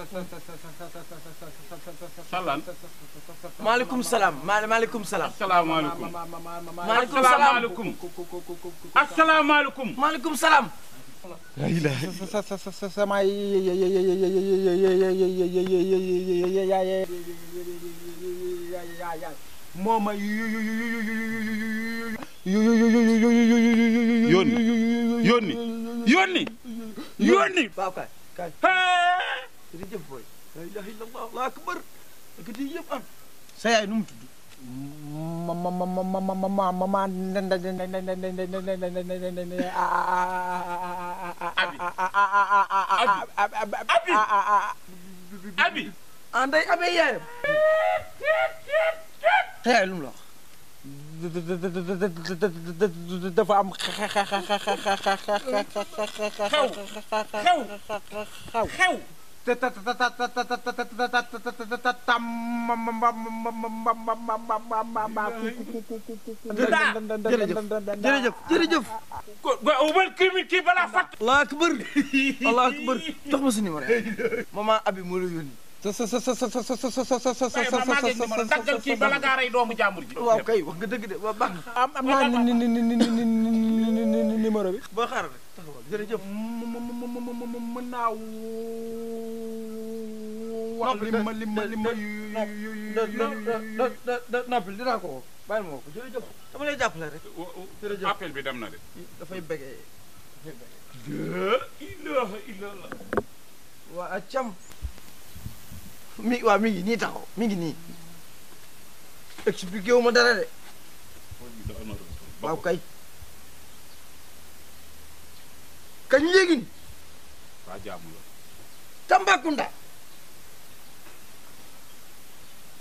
Sallaan Sallaan. maaleykum salaam maaleykum salaam. asalaamaaleykum. maaleykum salaam asalaamaaleykum. maaleykum salaam. sama mooma yónni yónni yónni yónni ريدم فوي لا اله الا الله الله اكبر قدي يبقى ساي نمت ما ما ما ما ما ما ما ما ما ما أبي أبي أبي يا هاي علم لا دفع خو خو خو خو jërëjëf jërëjëf kii balaa fàtt allah akbar allah akbar jox ma sa numéro maman abi moo la yónni daggal kii bala ngaa rey doomu jàmbur ji waaw kay wax nga dëgg de baax na am am naa numéro bi boo xaaral rek taxawal jërëjëf mën naa wax li ma li ma li ma yu yu yu noppi dinaa ko woo bàyyi ma ko jërëjëf dama lay jàppale rek. jërëjëf appel bi dem na de. dafay bëggee dafay bëggee. ilaha illallah. waa cam. mi waa mi ngi nii taxaw mi ngi nii. expliqué wu ma dara de. waaw kay. kañ léegi. waa jaamu la. Tambacounda.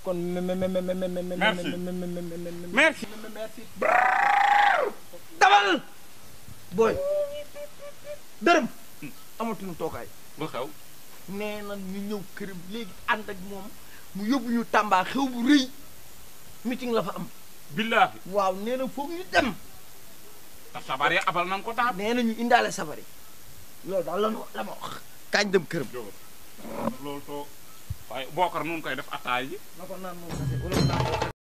kon merci merci dabal booy dërëm amatuñu tookaay lu xew nee na ñu ñëw këram léegi ànd ak moom mu yóbbu ñu Tamba xew bu rëy meeting la fa am billaahi waaw nee na foofu ñu dem ndax sabar yi abal nan ko taam nee na ñu indaale sabar yi loolu daal la la ma wax kaañ dem këram loolu too waaye bookar nun koy def attaay ji